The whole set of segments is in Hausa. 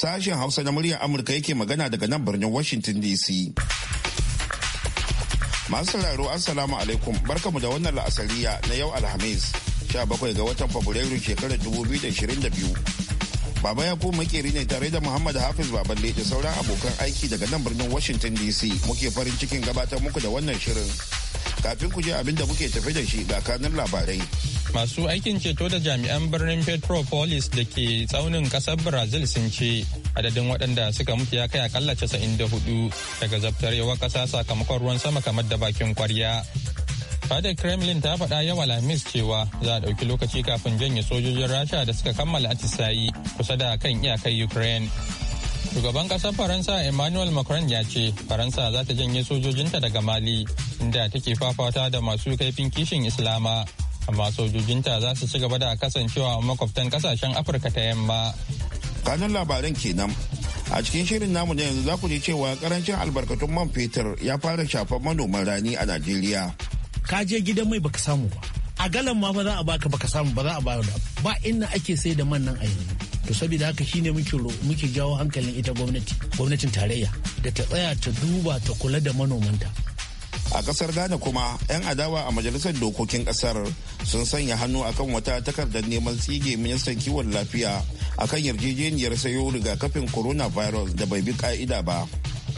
Sashen Hausa na muryar Amurka yake magana daga nan birnin Washington DC. Masu sauraro Assalamu alaikum barkamu da wannan la'asariya na yau Alhamis 17 ga watan Fabrairu shekarar 2022. Baba ya kuma makeri ne tare da Muhammad Hafiz Baballe da sauran abokan aiki daga nan birnin Washington DC muke farin cikin gabatar muku da wannan shirin. kafin ku je abin da muke tafi da shi ga kanun labarai masu aikin ceto da jami'an birnin petropolis da ke tsaunin kasar brazil sun ce adadin waɗanda suka mutu ya kai akalla 94 daga zabtarewar ƙasa sakamakon ruwan sama kamar da bakin kwarya fadar kremlin ta faɗa yawa lamis cewa za a ɗauki lokaci kafin janye sojojin rasha da suka kammala atisayi kusa da kan iyakar ukraine Shugaban kasar Faransa Emmanuel Macron ya ce Faransa za ta janye sojojinta daga Mali inda take fafata da masu kaifin kishin Islama. Amma sojojinta za su ci gaba da kasancewa makwabtan kasashen Afirka ta yamma. Kanun labaran kenan a cikin shirin namu na yanzu za ku ji cewa karancin albarkatun man fetur ya fara shafar manoman rani a najeriya ka je gidan mai baka samu ba a galan ma ba za a baka baka samu ba za a ba ba inda ake sai da man nan a yanzu to saboda haka shine muke muke jawo hankalin ita gwamnati gwamnatin tarayya da ta tsaya ta duba ta kula da manomanta a kasar ghana kuma 'yan adawa a majalisar dokokin kasar sun sanya hannu akan wata takardar neman tsige ministan kiwon lafiya akan yarjejeniyar sayo rigakafin coronavirus da bai bi ka'ida ba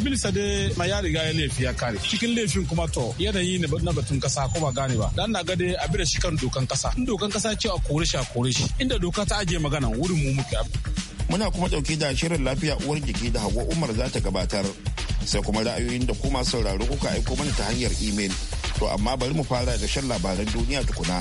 minista dai ma ya riga ya laifi ya kare cikin laifin kuma to yanayi ne na batun kasa ko ba gane ba dan na ga dai abin da shi kan dokan kasa in dokan kasa ce a kore shi a kore shi inda doka ta ajiye magana wurin mu muke muna kuma dauke da shirin lafiya uwar jiki da hawa umar za ta gabatar sai kuma ra'ayoyin da kuma sauraro kuka aiko mana ta hanyar imel to amma bari mu fara da shan labaran duniya tukuna.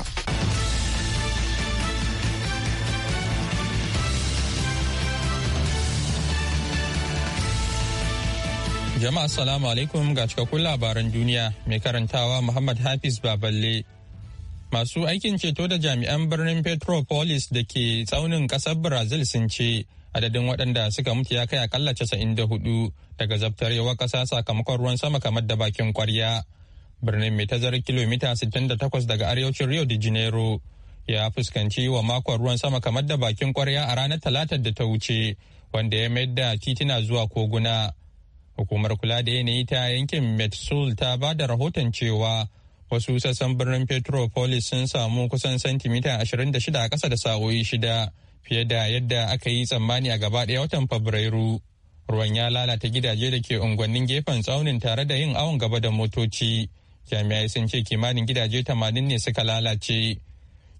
Jama'a salamu alaikum ga cikakkun labaran duniya mai karantawa Muhammad Hafiz Baballe. Masu aikin ceto da jami'an birnin Petropolis da ke tsaunin ƙasar Brazil sun ce adadin waɗanda suka mutu ya kai akalla casa'in da hudu daga zabtarewar kasa sakamakon ruwan sama kamar da bakin kwarya. Birnin mai tazarar kilomita 68 daga arewacin Rio de Janeiro ya fuskanci wa makon ruwan sama kamar da bakin kwarya a ranar talatar da ta wuce wanda ya mayar da titina zuwa koguna. Hukumar kula da yanayi ta yankin Metsul ta ba da rahoton cewa wasu sassan birnin Petropolis sun samu kusan santimita 26 a kasa da sa'o'i shida fiye da yadda aka yi tsammani a gaba ɗaya watan Fabrairu. Ruwan ya lalata gidaje da ke unguwannin gefen tsaunin tare da yin awon gaba da motoci. Jami'ai sun ce kimanin gidaje 80 ne suka lalace.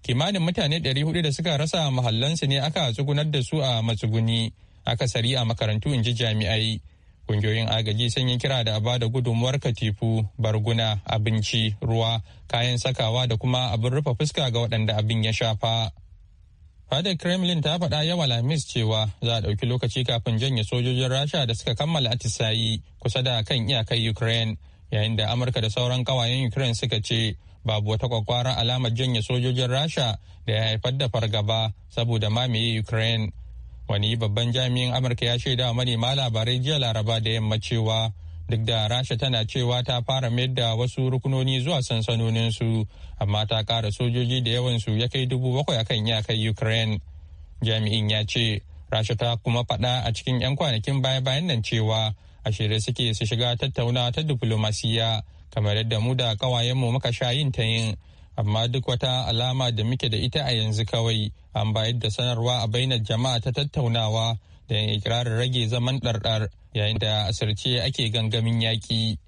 Kimanin mutane 400 da suka rasa mahallansu ne aka tsugunar da su a matsuguni, akasari a makarantu in ji jami'ai. Ƙungiyoyin agaji sun yi kira da a bada gudunmuwar katifu, barguna, abinci, ruwa, kayan sakawa da kuma abin rufe fuska ga waɗanda abin ya shafa. Fadar Kremlin ta faɗa yawa Lamis cewa za a ɗauki lokaci kafin janye sojojin Rasha da suka kammala atisayi kusa da kan iyakar Ukraine, yayin da Amurka da sauran ƙawayen Ukraine suka ce babu wata kwakwaran alamar janye sojojin Rasha da ya haifar da fargaba saboda mamaye Ukraine. wani babban jami'in amurka ya shaida manema labarai jiya laraba da yamma cewa duk da rasha tana cewa ta fara mayar da wasu rukunoni zuwa sansanoninsu amma ta kara sojoji da yawansu ya kai dubu bakwai akan iyakar ukraine jami'in ya ce rasha ta kuma faɗa a cikin 'yan kwanakin baya-bayan nan cewa a shirye suke su shiga tattaunawa ta diflomasiya kamar yadda mu da kawayenmu muka sha yin ta yin amma duk wata alama da muke da ita a yanzu kawai an bayar da sanarwa a bainar jama'a ta tattaunawa da ikirarin rage zaman ɗarɗar yayin da asirce ake gangamin yaƙi.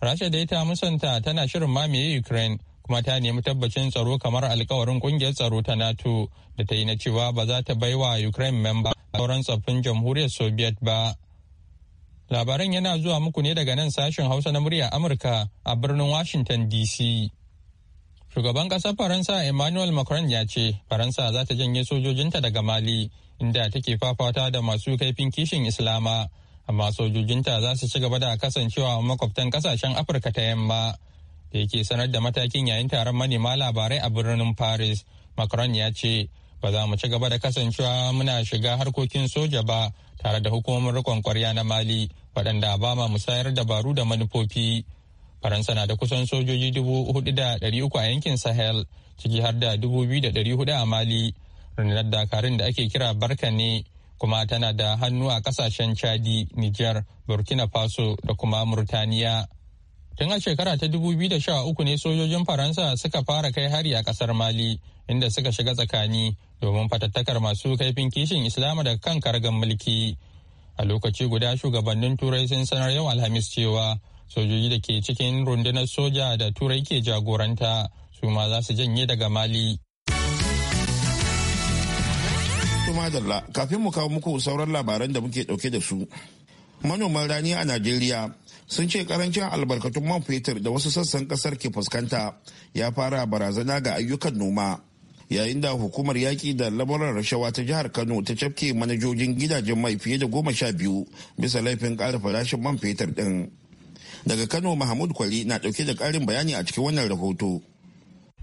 rasha da ita musanta tana shirin mamaye ukraine kuma ta nemi tabbacin tsaro kamar alkawarin kungiyar tsaro ta nato da ta yi na cewa ba za ta baiwa ukraine memba sauran tsoffin jamhuriyar soviet ba labaran yana zuwa muku ne daga nan sashen hausa na murya amurka a birnin washington dc Shugaban ƙasar Faransa Emmanuel Macron ya ce Faransa za ta janye sojojinta daga Mali inda take fafata da masu kaifin kishin Islama, amma sojojinta za su ci gaba da kasancewa makwabtan ƙasashen Afirka ta yamma. Da yake sanar da matakin yayin taron manema labarai a birnin Paris, Macron ya ce ba za mu ci gaba da kasancewa muna shiga harkokin soja ba tare da hukumomin rikon kwarya na Mali waɗanda ba ma musayar dabaru da manufofi. faransa na da kusan sojoji dubu a yankin sahel ciki har da dubu da dari hudu a mali rundunar dakarun da ake kira barka ne kuma tana da hannu a kasashen chadi niger burkina faso da kuma murtaniya tun a shekara ta 2013 ne sojojin faransa suka fara kai hari a kasar mali inda suka shiga tsakani domin fatattakar masu kaifin kishin islama daga kan kargan mulki a lokaci guda shugabannin turai sun sanar yau alhamis cewa sojoji da ke cikin rundunar soja da turai ke jagoranta su ma za su janye daga mali kafin mu kawo muku sauran labaran da muke dauke da su manoman rani a najeriya sun ce karancin albarkatun man fetur da wasu sassan kasar ke fuskanta ya fara barazana ga ayyukan noma yayin da hukumar yaƙi da lamuran rashawa ta jihar kano ta cafke manajojin gidajen mai fiye da goma sha biyu bisa laifin ƙara farashin man fetur ɗin Daga Kano Mahmud Kwari na dauke da karin bayani a cikin wannan rahoto.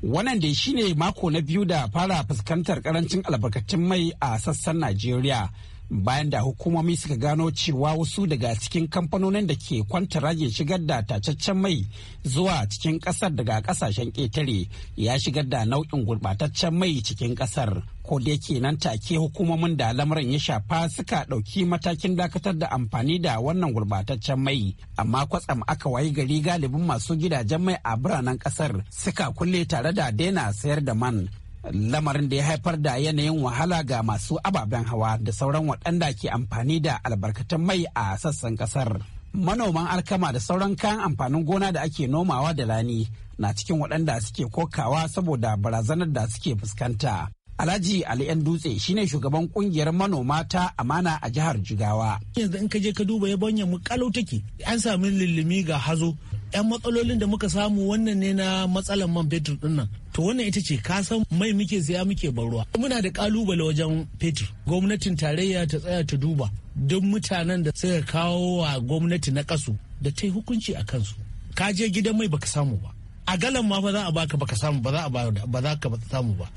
Wannan dai shine mako na biyu da fara fuskantar karancin albarkacin mai a sassan Najeriya bayan da hukumomi suka gano cewa wasu daga cikin kamfanonin da ke kwanta rajin shigar da tacaccen mai zuwa cikin kasar daga kasashen ƙetare ya shigar da nau'in gurbataccen mai cikin kasar ko da yake nan take hukumomin da lamarin ya shafa suka ɗauki matakin dakatar da amfani da wannan gurbataccen mai amma kwatsam aka wayi gari galibin masu gidajen mai a biranen kasar suka kulle tare da daina sayar da man lamarin da ya haifar da yanayin wahala ga masu ababen hawa da sauran waɗanda ke amfani da albarkatun mai a sassan ƙasar. Manoman alkama da sauran kayan amfanin gona da ake nomawa da lani na cikin waɗanda suke kokawa saboda barazanar da suke fuskanta. Alhaji Ali ‘yan dutse shine shugaban kungiyar manoma ta amana a jihar Jigawa. Yanzu in ka je ka duba yabanya mu kalau take an sami lullumi ga hazo. ‘Yan matsalolin da muka samu wannan ne na matsalan man fetur din to wannan ita ce kasan mai muke siya muke ban ruwa muna da kalubale wajen fetur gwamnatin tarayya ta tsaya ta duba duk mutanen da suka kawo wa gwamnati na kasu da ta yi hukunci a kansu ka je gidan mai baka samu ba a galan ma ba za a baka baka samu ba za a ba za ka samu ba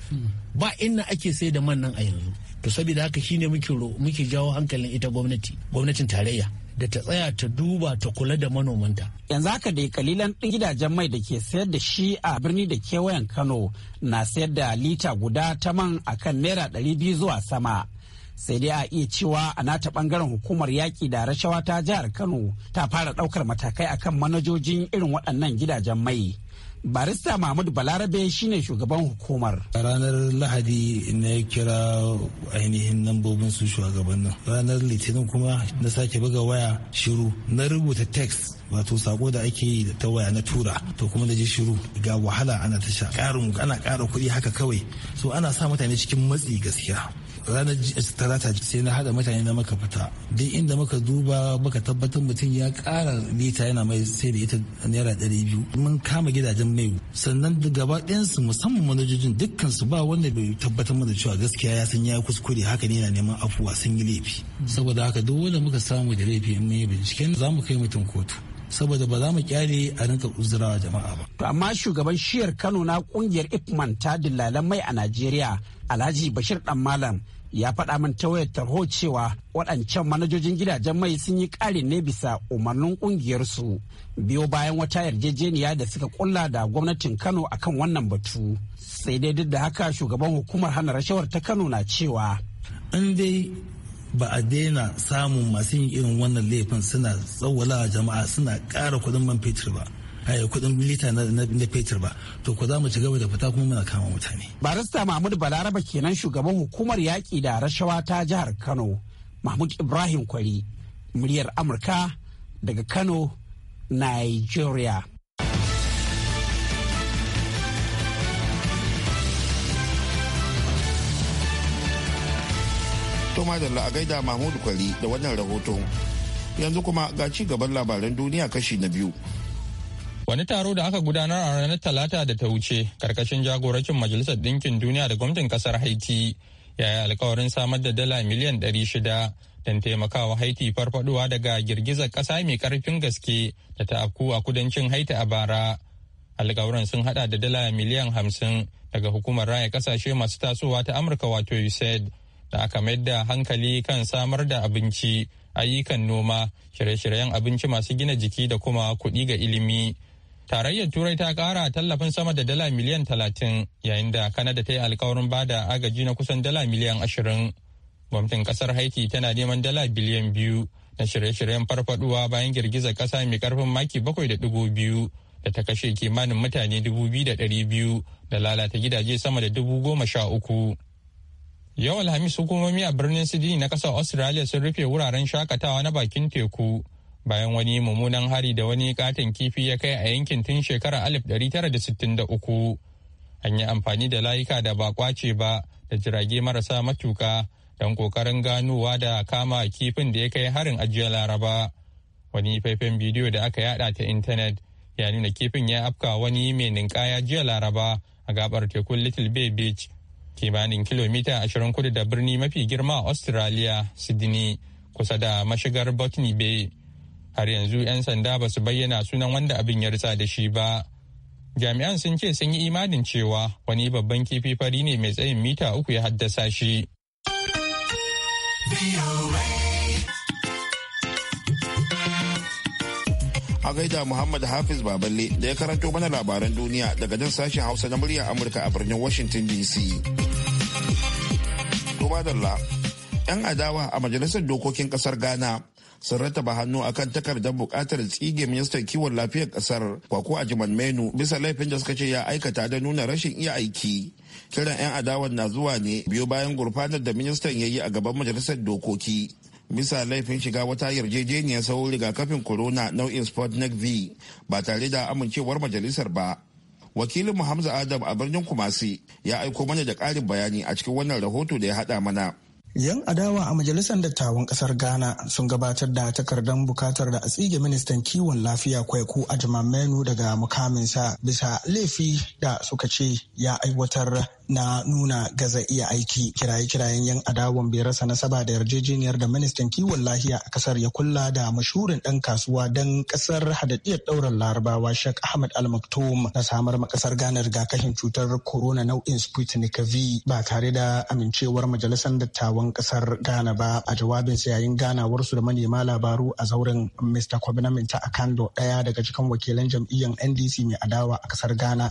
ba inna ake sai da man nan a yanzu to saboda haka shine muke muke jawo hankalin ita gwamnati gwamnatin tarayya da ta tsaya ta duba ta kula da manomanta. Yanzu haka dai kalilan ɗin gidajen mai da ke sayar da shi a birni da kewayen Kano na sayar da lita guda ta man akan naira ɗari biyu zuwa sama. Sai dai a iya cewa a nata ɓangaren hukumar yaƙi da rashawa ta jihar Kano ta fara ɗaukar matakai akan manajojin irin waɗannan gidajen mai. barista mahmud balarabe shine shugaban hukumar ranar lahadi na kira ainihin nambobin su shugabannin ranar litinin kuma na sake buga waya shiru na rubuta text wato sako da ake yi ta waya na tura to kuma da ji shiru ga wahala ana tasha ƙarin ana ƙara kuɗi haka kawai so ana sa mutane cikin matsi gaskiya ranar eh, talata sai na hada mutane na maka fita duk inda muka duba muka tabbatar mutum ya kara lita yana mai sai da ita naira ɗari biyu mun kama gidajen mai sannan gaba ɗayansu musamman manajojin dukkan su ba wanda bai tabbatar mana cewa gaskiya ya san ya kuskure haka ne yana neman afuwa sun yi laifi saboda haka duk wanda muka samu da laifi mun yi binciken za mu kai mutum kotu saboda ba za mu kyale a rinka uzurawa jama'a ba. To amma shugaban shiyar Kano na kungiyar Ipman ta dillalan mai a Najeriya Alhaji Bashir Dan Malam ya faɗa min ta wayar tarho cewa waɗancan manajojin gidajen mai sun yi ƙari ne bisa umarnin ƙungiyarsu biyo bayan wata yarjejeniya da suka kulla da gwamnatin Kano akan wannan batu. Sai dai duk da haka shugaban hukumar hana rashawar ta Kano na cewa. An dai ba a daina samun masu yin irin wannan laifin suna tsawwala jama'a suna ƙara kudin man fetur ba eh, kudin lita na fetur ba to ko za mu ci gaba da fita kuma muna kama mutane barista mahmud balaraba kenan shugaban hukumar yaƙi da rashawa ta jihar kano mahmud ibrahim kwari muryar amurka daga kano nigeria To madalla a gaida Mahmud Kwari da wannan rahoton. Yanzu kuma ga ci gaban labaran duniya kashi na biyu. Wani taro da aka gudanar a ranar Talata da ta wuce karkashin jagorancin Majalisar Ɗinkin Duniya da gwamnatin kasar Haiti ya yi alkawarin samar da dala miliyan ɗari shida don taimakawa Haiti farfaduwa daga girgizar ƙasa mai ƙarfin gaske da ta afku a kudancin Haiti a bara. Alkawarin sun hada da dala miliyan hamsin daga hukumar raya ƙasashe masu tasowa ta Amurka wato USAID da aka mayar da hankali kan samar da abinci ayyukan noma shirye-shiryen abinci masu gina jiki da kuma kuɗi ga ilimi tarayyar turai ta ƙara tallafin sama da dala miliyan talatin yayin da kanada ta yi alkawarin ba da agaji na kusan dala miliyan ashirin gwamnatin kasar haiti tana neman dala biliyan biyu na shirye-shiryen farfaduwa bayan girgizar ƙasa mai karfin maki bakwai da ɗigo biyu da ta kashe kimanin mutane dubu biyu da ɗari biyu da lalata gidaje sama da dubu goma sha uku. Yau Alhamis hukumomi a birnin Sidini na ƙasar Australia sun rufe wuraren shakatawa na bakin teku bayan wani mummunan hari da wani katon kifi ya kai a yankin tun shekarar 1963. An yi amfani da layuka da ba kwace ba da jirage marasa matuka don ƙoƙarin ganowa da kama kifin da ya kai harin ajiyar laraba. Wani faifan bidiyo da aka yada ta intanet ya nuna kifin ya afka wani mai ninkaya jiya laraba a gabar tekun Little Bay Beach kimanin kilomita 20 kudu da birni mafi girma a Australia, Sydney, kusa da mashigar Botany Bay. Har yanzu 'yan sanda ba su bayyana sunan wanda abin ya ritsa da shi ba. Jami'an sun ce sun yi imanin cewa wani babban kifi fari ne mai tsayin mita uku ya haddasa shi. gaida Muhammad Hafiz Baballe da ya karanto mana labaran duniya daga nan sashen Hausa na muryar Amurka a birnin Washington DC. To 'yan adawa a majalisar dokokin kasar Ghana sun rattaba hannu a kan takardar bukatar tsige ministan kiwon lafiyar kasar kwako a jiman menu bisa laifin da suka ce ya aikata da nuna rashin iya aiki kiran 'yan adawan na zuwa ne biyo bayan gurfanar da ministan ya yi a gaban majalisar dokoki bisa laifin shiga wata yarjejeniyar sau rigakafin corona nau'in sputnik v ba tare da amincewar majalisar ba wakilin hamza adam a birnin kumasi ya aiko mana da ƙarin bayani a cikin wannan rahoto da ya haɗa mana Yan adawa a majalisar dattawan kasar Ghana sun gabatar da takardar bukatar da a tsige ministan kiwon lafiya kwaiku a jimamenu daga mukaminsa bisa laifi da suka ce ya aiwatar na nuna gaza iya aiki kiraye-kirayen yan adawan bai rasa nasaba da yarjejeniyar da ministan kiwon lafiya a kasar ya kulla da mashurin dan kasuwa dan kasar hadaddiyar ɗaurin larabawa shak Ahmad Al Maktoum na samar ma kasar Ghana rigakafin cutar corona nau'in Sputnik V ba tare da amincewar majalisar dattawan shugaban kasar Ghana ba a jawabinsa yayin ganawarsu da manema labaru a zauren Mr. Kwabinamin ta Akando ɗaya daga cikin wakilan jam'iyyar NDC mai adawa a kasar Ghana.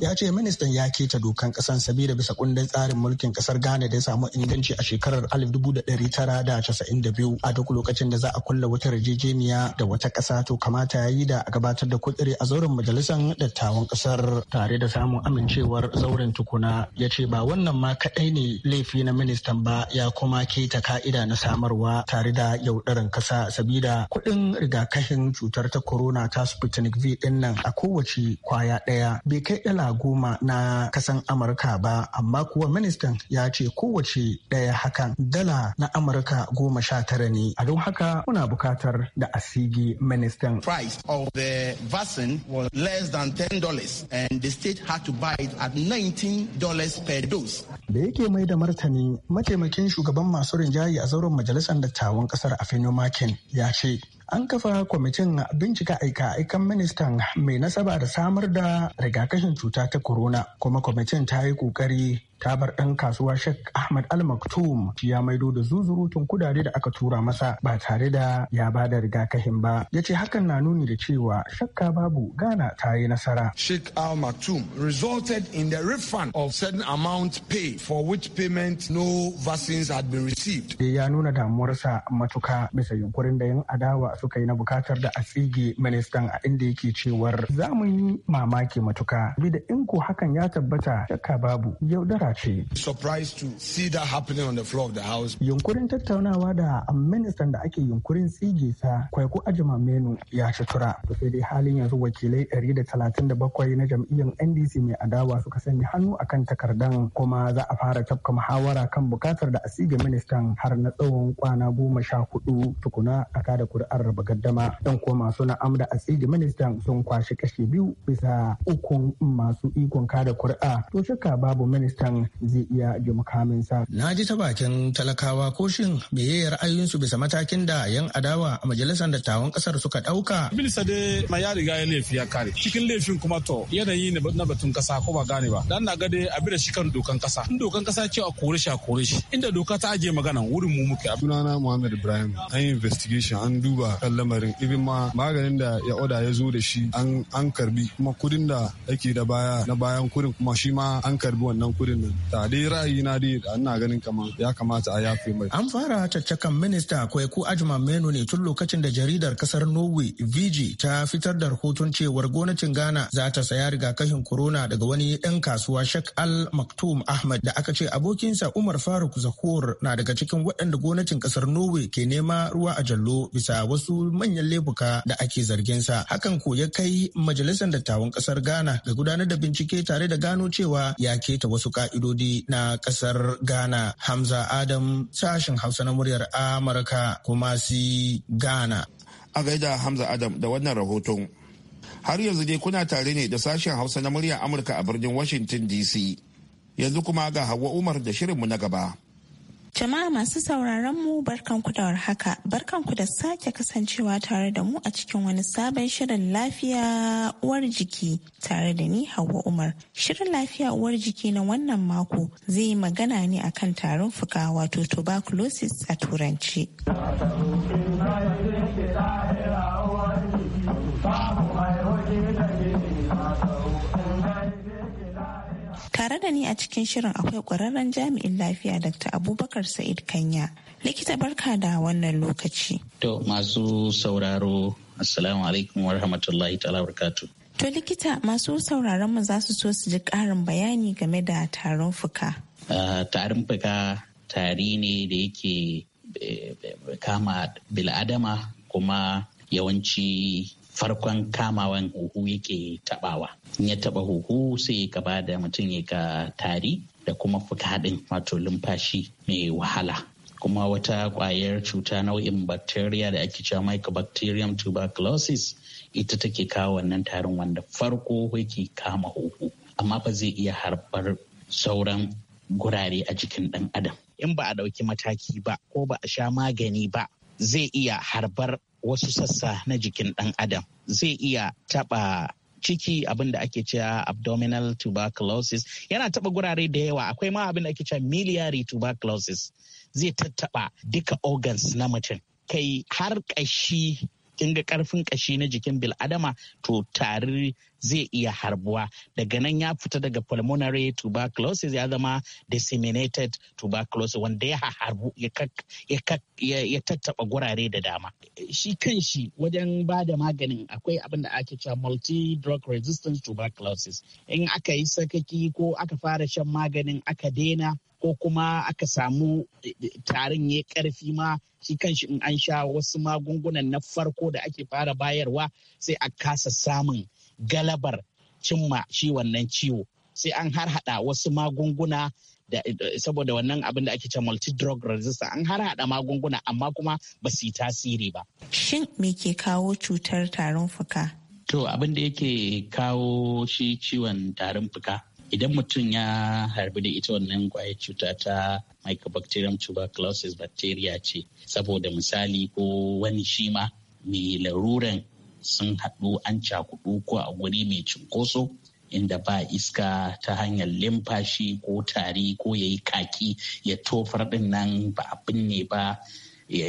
Ya ce ministan ya keta dokan kasan sabida bisa kundin tsarin mulkin kasar Ghana da ya samu inganci a shekarar 1992 a duk lokacin da za a kulla wata yarjejeniya da wata kasa to kamata ya yi da a gabatar da kudiri a zauren majalisar dattawan kasar tare da samun amincewar zauren tukuna ya ce ba wannan wannan ma kaɗai ne laifi na ministan ba ya kuma keta ka'ida na samarwa tare da yauɗarin kasa sabida kuɗin rigakafin cutar ta corona ta sputnik v ɗin nan a kowace kwaya ɗaya bai kai dala goma na kasan amurka ba amma kuwa ministan ya ce kowace ɗaya hakan dala na amurka goma sha tara ne a don haka muna bukatar da asigi ministan price of the vaccine was less than ten dollars and the state had to buy it at nineteen dollars per dose Da yake mai da martani mataimakin shugaban masu rinjaye a zauren majalisar dattawan kasar a Makin ya ce an kafa kwamitin bincika aika-aikan ministan mai nasaba da samar da rigakashin cuta ta corona kuma kwamitin ta yi kokari ta bar ɗan kasuwa Sheikh Ahmad Al Maktoum ya maido da zuzurutun kudade da aka tura masa ba tare da ya ba da rigakahin ba. Ya ce hakan na nuni da cewa shakka babu Ghana ta yi nasara. Sheikh Al Maktoum resulted in the refund of certain amount paid for which payment no vaccines had been received. Ya nuna damuwarsa matuka bisa yunkurin da yin adawa suka yi na bukatar da a tsige ministan a inda yake cewar za mu yi mamaki matuka. Bi da in ko hakan ya tabbata shakka babu yaudara nasara ce. to see that happening house. Yunkurin tattaunawa da ministan da ake yunkurin tsige sa kwaiko ajima menu ya ci tura. sai dai halin yanzu wakilai da da talatin bakwai na jam'iyyar NDC mai adawa suka sanya hannu a kan takardan kuma za a fara tafka muhawara kan bukatar da a tsige ministan har na tsawon kwana goma sha hudu tukuna a kada kuri'ar raba gaddama. Dan kuma masu na'am da a tsige ministan sun kwashi kashe biyu bisa ukun masu ikon kada kuri'a. To shika babu ministan nan zai iya ji sa. Na ji ta bakin talakawa ko shin meye ra'ayinsu bisa matakin da yan adawa a majalisar dattawan kasar suka ɗauka. Minista dai ma ya riga ya laifi ya kare. Cikin laifin kuma to yanayi ne na batun kasa ko ba gane ba. Dan na ga dai abin da shi kan dokan kasa. In dokan kasa ce a kore shi a kore shi. Inda doka ta ajiye magana wurin mu muke. Sunana Muhammad Ibrahim an yi investigation an duba kan lamarin ibin ma maganin da ya oda ya zo da shi an karbi kuma kudin da ake da baya na bayan kurin kuma shi ma an karbi wannan kudin nan ta dai ra'ayi na dai ina ganin kamar ya kamata a yafe mai an fara caccakan minista kwaiku ajman menu ne tun lokacin da jaridar kasar norway vg ta fitar da rahoton cewar gwamnatin ghana za ta saya rigakafin corona daga wani ɗan kasuwa shek al maktum ahmad da aka ce abokinsa umar faruk zahor na daga cikin waɗanda gwamnatin kasar norway ke nema ruwa a jallo bisa wasu manyan laifuka da ake zarginsa hakan ko ya kai majalisar dattawan kasar ghana da gudanar da bincike tare da gano cewa ya keta wasu ka'i ƙa'idodi na kasar Ghana. Hamza Adam sashen Hausa na muryar Amurka kuma si Ghana. A gaida Hamza Adam da wannan rahoton. Har yanzu dai kuna tare ne da sashen Hausa na muryar Amurka a birnin Washington DC. Yanzu kuma ga Hauwa Umar da shirinmu na gaba. Jama'a masu sauraron mu barkanku da warhaka, barkanku da sake kasancewa tare da mu a cikin wani sabon shirin lafiya uwar jiki tare da ni Hauwa Umar. Shirin lafiya uwar jiki na wannan mako zai yi magana ne akan tarin fuka wato tuberculosis a turanci. Tare da ni a cikin shirin akwai ƙwararren jami'in lafiya Dr. Abubakar Sa'id Kanya. Likita barka da wannan lokaci. To masu sauraro, Assalamu alaikum wa rahmatullahi ta'ala barkatu. To likita masu sauraron mu za su so su ji ƙarin bayani game da tarin fuka. Ah, tarin fuka tari ne da yake eh, kama bil'adama kuma yawanci farkon kamawan huhu yake tabawa in ya taba huhu sai gaba da mutum ya ga tari da kuma fita din wato lumfashi mai wahala kuma wata kwayar cuta nau'in bacteria da ake cewa mycobacterium tuberculosis ita take kawo wannan tarin wanda farko yake kama huhu amma ba zai iya harbar sauran gurare a jikin ɗan adam in ba a ɗauki mataki ba ko ba a sha magani ba zai iya harbar wasu sassa na jikin ɗan adam zai iya taɓa ciki abin da ake cewa abdominal tuberculosis yana taɓa gurare da yawa akwai ma abin da ake cewa miliary tuberculosis zai tattaɓa duka organs na mutum kai har ƙashi kinga ƙarfin ƙashi na jikin bil adama to tari zai iya harbuwa daga nan ya fita daga pulmonary tuberculosis ya zama disseminated tuberculosis wanda ya harbu ya tattaba gurare da dama shi kan shi wajen ba da maganin akwai abin da ake cewa multi drug resistance tuberculosis in aka yi sakaki ko aka fara shan maganin aka daina ko kuma aka samu eh, eh, tarin ya karfi ma shi kanshi in an sha wasu magungunan na farko da ake fara bayarwa sai a kasa samun galabar cimma shi wannan ciwo sai an har harhaɗa wasu magunguna da saboda wannan abin da ake ce multi-drug resistance an harhaɗa magunguna amma kuma ba su yi tasiri ba. Shin me ke kawo cutar tarin fuka? To abin da yake kawo shi ciwon tarin fuka idan mutum ya harbi da ita wannan kwayar cuta ta mycobacterium tuberculosis bacteria ce saboda misali ko wani shima mai laruran sun haɗu an cakuɗu ko a guri mai cinkoso inda ba iska ta hanyar limfashi ko tari ko ya yi kaki ya tofar ɗin nan ba a binne ba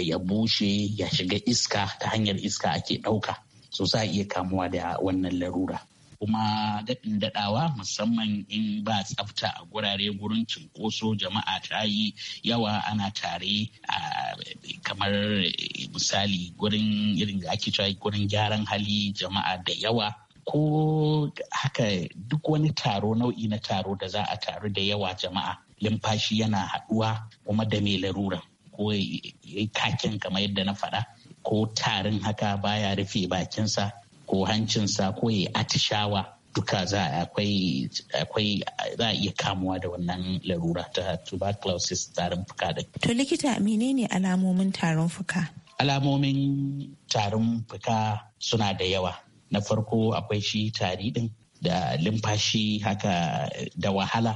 ya bushe ya shiga iska ta hanyar iska ake ɗauka so za a iya kamuwa da wannan larura. kuma daɗin daɗawa musamman in ba tsafta a gurare gurin cinkoso jama'a ta yi yawa ana tare a kamar misali gurin irin da ake cewa gurin gyaran hali jama'a da yawa ko haka duk wani taro nau'i na taro da za a taru da yawa jama'a limfashi yana haɗuwa kuma da mai larura ko kakin kamar yadda na faɗa ko tarin haka baya rufe bakinsa ko hancinsa ko ya atishawa duka za akwai za a iya kamuwa da wannan larura ta tuberculosis tarin fuka da. To likita menene alamomin tarin fuka? Alamomin tarin fuka suna da yawa. Na farko akwai shi tari din da limfashi haka da wahala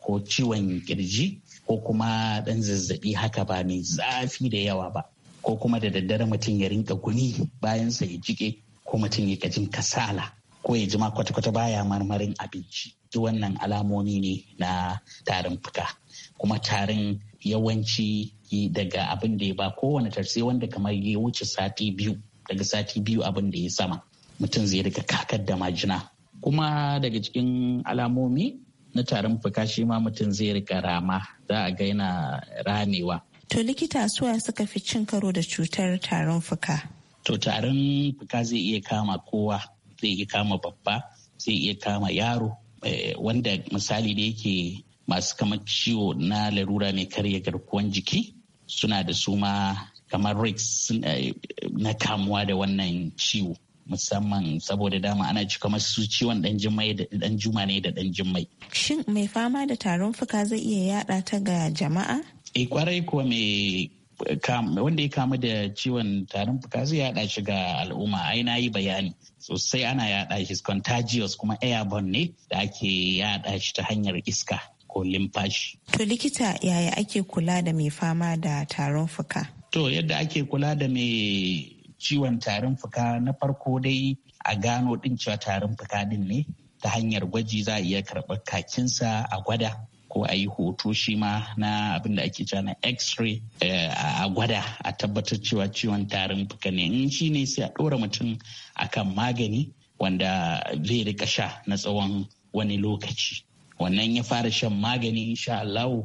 ko ciwon kirji ko kuma ɗan zazzabi haka ba mai zafi da yawa ba ko kuma da daddare mutum ya rinka guni bayan sa ya jike ko mutum ya jin kasala ko ya jima kwata-kwata baya marmarin abinci duk wannan alamomi ne na tarin fuka kuma tarin yawanci daga abin da ya ba kowane tarsi wanda kamar ya wuce sati biyu daga sati biyu abin da ya sama mutum zai rika kakar da majina kuma daga cikin alamomi na tarin fuka shi ma mutum zai rika rama za a ga yana ramewa to likita suwa suka fi cin karo da cutar tarin fuka to tarin fuka zai iya kama kowa zai iya kama babba zai iya kama yaro eh, wanda misali da yake masu kamar ciwo na larura mai karya garkuwan jiki suna da suma kamar rex eh, na kamuwa da wannan ciwo musamman saboda dama ana cika masu ciwon dan dan juma ne da dan jimai. Shin mai fama da tarin fuka zai iya yada ta ga jama'a? E eh, kwarai kuwa mai wanda ya kamu da ciwon tarin fuka zai yada shi ga al'umma ai na yi bayani sosai ana yada shi contagious kuma airborne ne da ake yada shi ta hanyar iska ko limfashi. To likita yaya ake kula da mai fama da tarin fuka? To yadda ake kula da mai ciwon tarin fuka na farko dai a gano din cewa tarin fuka din ne ta hanyar gwaji za a iya karɓar kakinsa a gwada ko a yi hoto shi ma na abin da ake cewa na x-ray eh, a gwada a tabbatar cewa ciwon tarin fuka ne in shi ne sai a ɗora mutum akan magani wanda zai rika sha na tsawon wani lokaci wannan ya fara shan magani insha Allah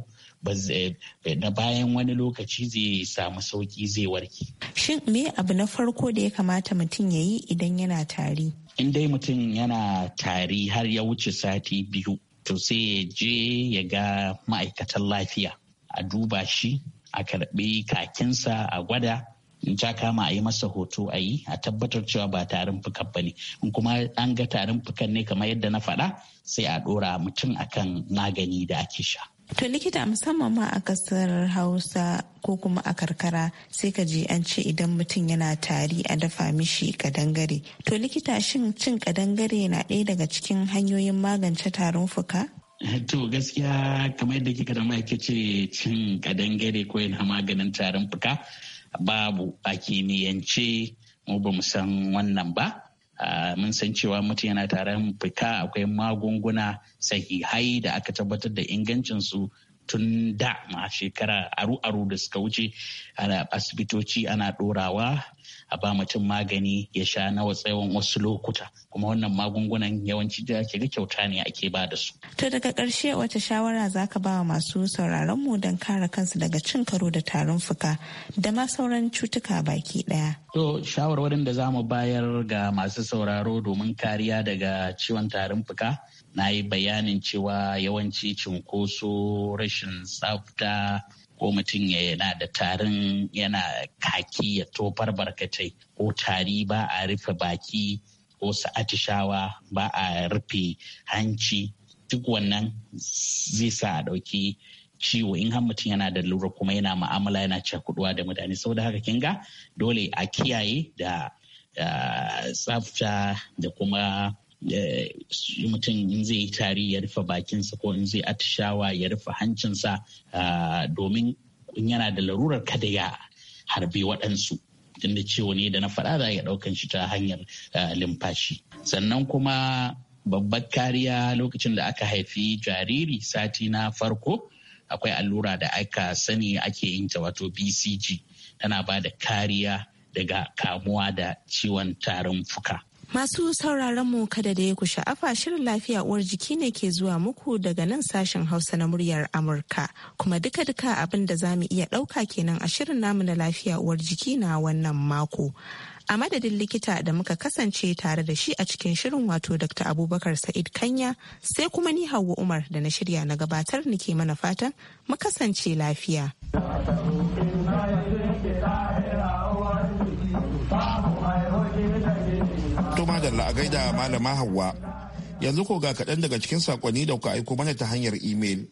eh, na bayan wani lokaci zai samu sauki zai warke. Shin me abu na farko da ya kamata mutum ya yi idan yana tari? In dai mutum yana tari har ya wuce sati biyu to sai ya je ya ga ma'aikatan lafiya a duba shi a karɓi kakinsa a gwada in ta kama a yi masa hoto a yi a tabbatar cewa ba tarin fukan ba ne in kuma an ga tarin fukan ne kamar yadda na faɗa sai a ɗora mutum akan magani da ake sha. To likita musamman ma a kasar Hausa ko kuma a karkara sai ka je an ce idan mutum yana tari a dafa mishi kadangare. To likita shin cin kadangare na ɗaya daga cikin hanyoyin magance tarin fuka? To gaskiya kamar yadda kika da ma'aike ce cin kadangare ko yana maganin tarin fuka babu a kimiyyance mu bamu san wannan ba. Ah, mun san cewa mutum yana taron fika akwai magunguna sahihai da aka tabbatar da ingancinsu tun da ma shekara aru-aru da suka wuce ana asibitoci ana ɗorawa a ba mutum magani ya sha nawa tsawon wasu lokuta kuma wannan magungunan yawanci da ke ga kyauta ne ake ba da su. To daga ƙarshe wata shawara za ka ba wa masu sauraron mu don kare kansu daga cin karo da tarin fuka da ma sauran cutuka baki ɗaya. To shawarwarin da za mu bayar ga masu sauraro domin kariya daga ciwon tarin fuka na yi bayanin cewa yawanci cinkoso rashin tsafta ko mutum yana da tarin yana kaki ya tofar barkatai ko tari ba a rufe baki ko su atishawa ba a rufe hanci duk wannan zai sa a ɗauki ciwo in har mutum yana da lura kuma yana ma'amala yana cakuduwa da mutane saboda haka kinga dole a kiyaye da ah, tsafta da kuma mutum in zai yi tari ya rufe bakinsa ko in zai atishawa ya rufe hancinsa ah, domin in yana da larurar kada ya harbe waɗansu da ciwo ne da na faɗa za ya ɗaukan shi ta hanyar ah, limfashi sannan kuma babbar kariya lokacin da aka haifi jariri sati na farko akwai allura da aka sani ake yin ta wato bcg tana ba da kariya daga kamuwa da ciwon tarin fuka Masu sauraron mu kada da ya ku sha'afa shirin lafiya uwar jiki ne ke zuwa muku daga nan sashen Hausa na muryar Amurka kuma duka-duka abin da za mu iya ɗauka kenan a shirin namu na lafiya uwar jiki na wannan mako. A madadin likita da muka kasance tare da shi a cikin shirin wato Dr. Abubakar Sa'id Kanya sai kuma ni Hauwa Umar da na shirya na gabatar nike mana fatan mu kasance lafiya. madalla a gaida malama Hauwa. Yanzu ko ga kaɗan daga cikin sakonni da kuka aiko mana ta hanyar imel.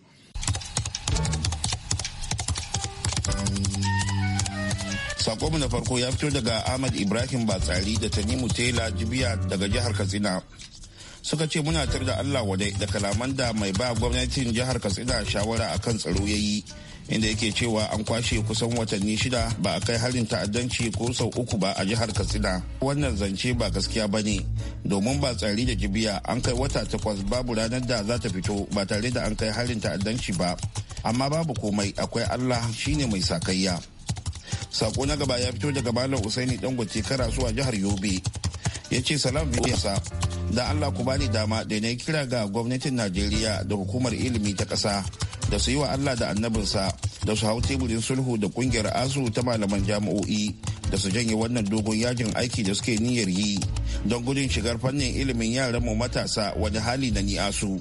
Sakonmu na farko ya fito daga Ahmad Ibrahim Batsari da Tanimu Tela Jibiya daga jihar Katsina. Suka ce muna tar da Allah wadai da kalaman da mai ba gwamnatin jihar Katsina shawara akan tsaro ya yi inda yake cewa an kwashe kusan watanni shida ba a kai harin ta'addanci ko sau uku ba a jihar katsina wannan zance ba gaskiya ba ne domin ba tsari da jibiya an kai wata takwas babu ranar da za ta fito ba tare da an kai harin ta'addanci ba amma babu komai akwai allah shine mai sakayya sako na gaba ya fito daga malam usaini dangote zuwa jihar yobe ya ce salam biyasa da allah ku bani dama da na kira ga gwamnatin najeriya da hukumar ilimi ta ƙasa da su yi wa Allah da annabinsa da su hau teburin sulhu da kungiyar asu ta malaman jami'o'i da su janye wannan dogon yajin aiki da suke niyyar yi don gudun shigar fannin ilimin yaran mu matasa wani hali da ni asu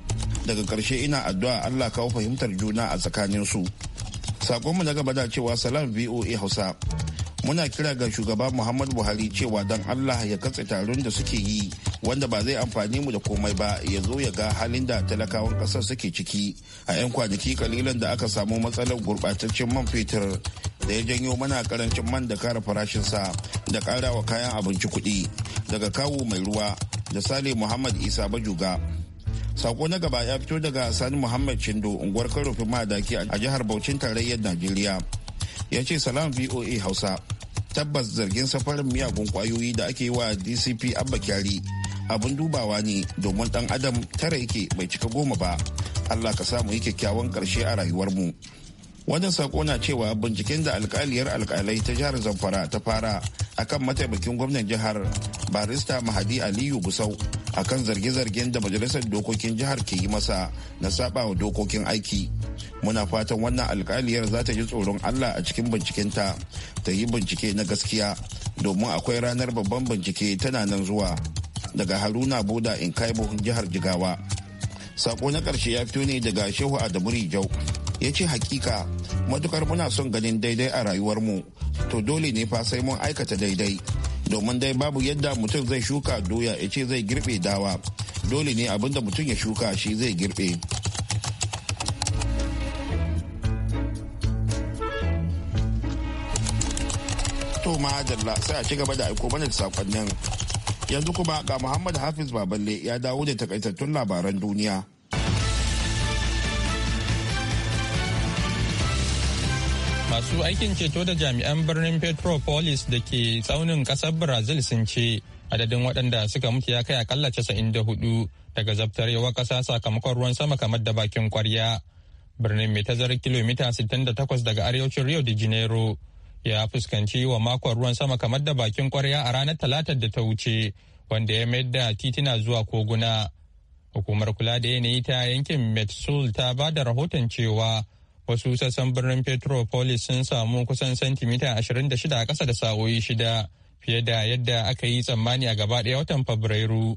daga karshe ina addu'a Allah kawo fahimtar juna a tsakanin su sakonmu na gaba da cewa salam voa hausa muna kira ga shugaba muhammad buhari cewa don allah ya katse taron da suke yi wanda ba zai amfani mu da komai ba ya zo ya ga halin da talakawan kasar suke ciki a 'yan kwanaki kalilan da aka samu matsalar gurbataccen man fetur da ya janyo mana karancin man da kara farashinsa da kara wa kayan abinci kuɗi daga kawo mai ruwa da sale muhammad isa bajuga sako na gaba ya fito daga sani muhammad shindo unguwar karofin madaki a jihar bauchin tarayyar najeriya ya ce salam voa hausa tabbas zargin safarin miyagun kwayoyi da ake yi wa dcp abba kyari abin dubawa ne domin dan adam tara yake bai cika goma ba allah ka samu yi kyakkyawan karshe a rayuwarmu wannan sako na cewa binciken da alkaliyar alkalai ta jihar zamfara ta fara akan mataimakin gwamnan jihar barista mahadi aliyu gusau akan zarge-zargen da majalisar dokokin jihar ke yi masa na saba wa dokokin aiki muna fatan wannan alkaliyar za ta ji tsoron allah a cikin bincikenta ta yi bincike na gaskiya domin akwai ranar babban bincike tana nan zuwa daga haruna boda in kaibo jihar jigawa sako na karshe ya fito ne daga shehu a jau ya ce hakika matukar muna son ganin daidai a rayuwarmu to dole ne fa sai mun aikata daidai domin dai babu yadda mutum zai shuka doya ya ce zai girbe dawa dole ne abinda mutum ya shuka shi zai girbe to ma sai a ci gaba da aiko mana da sakonnin yanzu kuma ga muhammad hafiz baballe ya dawo da takaitattun labaran duniya masu aikin ceto da jami'an birnin petropolis da ke tsaunin kasar brazil sun ce adadin waɗanda suka mutu ya kai akalla hudu daga zabtarewar ƙasa sakamakon ruwan sama kamar da bakin kwarya birnin mai tazarar kilomita 68 daga arewacin rio de janeiro ya fuskanci wa makon ruwan sama kamar da bakin kwarya a ranar talatar da ta wuce wanda ya mayar da titina zuwa koguna hukumar kula da yanayi ta yankin metsul ta ba da rahoton cewa wasu sassan birnin petropolis sun samu kusan santimita 26 a kasa da sa'o'i shida fiye da yadda aka yi tsammani a gaba ɗaya watan fabrairu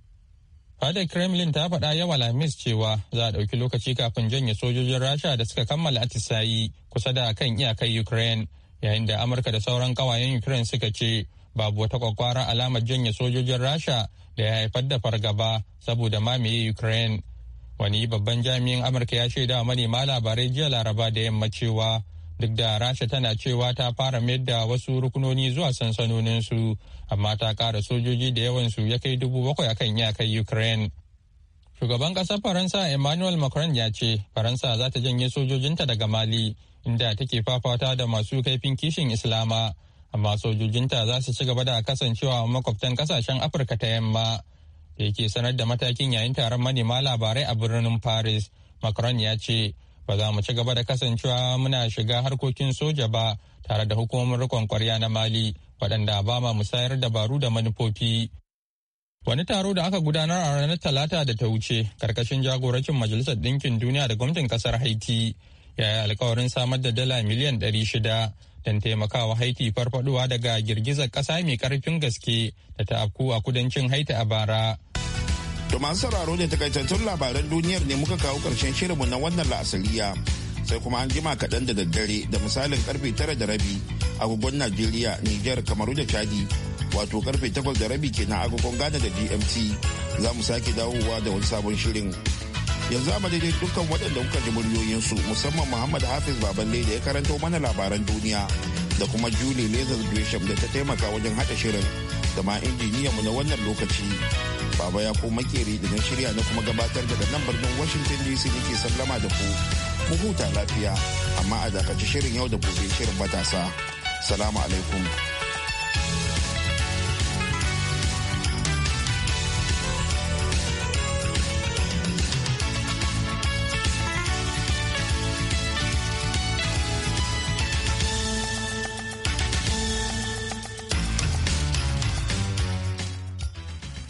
fadar kremlin ta faɗa yawa lamis cewa za a ɗauki lokaci kafin janye sojojin rasha da suka kammala atisayi kusa da kan iyakar ukraine yayin da amurka da sauran kawayen ukraine suka ce babu wata kwakwara alamar janye sojojin rasha da ya haifar da fargaba saboda mamaye ukraine wani babban jami'in amurka ya shaida wa manema labarai jiya laraba da yamma cewa duk da rasha tana cewa ta fara mayar da wasu rukunoni zuwa sansanonin su amma ta kara sojoji da yawansu ya kai dubu bakwai akan iyakar ukraine shugaban ƙasar faransa emmanuel macron ya ce faransa za ta janye sojojinta daga mali inda take fafata da masu kaifin kishin islama amma sojojinta za su ci gaba da kasancewa makwabtan kasashen afirka ta yamma da yake sanar da matakin yayin taron manema labarai a birnin paris macron ya ce ba za mu ci gaba da kasancewa muna shiga harkokin soja ba tare da hukumomin rikon kwarya na mali waɗanda ba ma musayar dabaru da manufofi wani taro da aka gudanar a ranar talata da ta wuce karkashin jagorancin majalisar ɗinkin duniya da gwamnatin ƙasar haiti ya alkawarin samar da dala miliyan 600 don taimakawa haiti farfaduwa daga girgizar ƙasa mai karfin gaske da ta afku a kudancin haiti a bara to masu sauraro da takaitattun labaran duniyar ne muka kawo ƙarshen shirinmu na wannan la'asariya sai kuma an jima kaɗan da daddare da misalin karfe tara da rabi agogon najeriya niger kamaru da chadi wato karfe takwas da rabi kenan agogon ghana da gmt za mu sake dawowa da wani sabon shirin yanzu a madadin dukkan waɗanda kuka ji muryoyinsu musamman muhammad hafiz baballe da ya karanto mana labaran duniya da kuma julie lazar gresham da ta taimaka wajen haɗa shirin da ma mu na wannan lokaci baba ya ko makeri da na shirya na kuma gabatar daga nan birnin washington dc nake sallama da ku mu huta lafiya amma a dakaci shirin yau da gobe shirin matasa salamu alaikum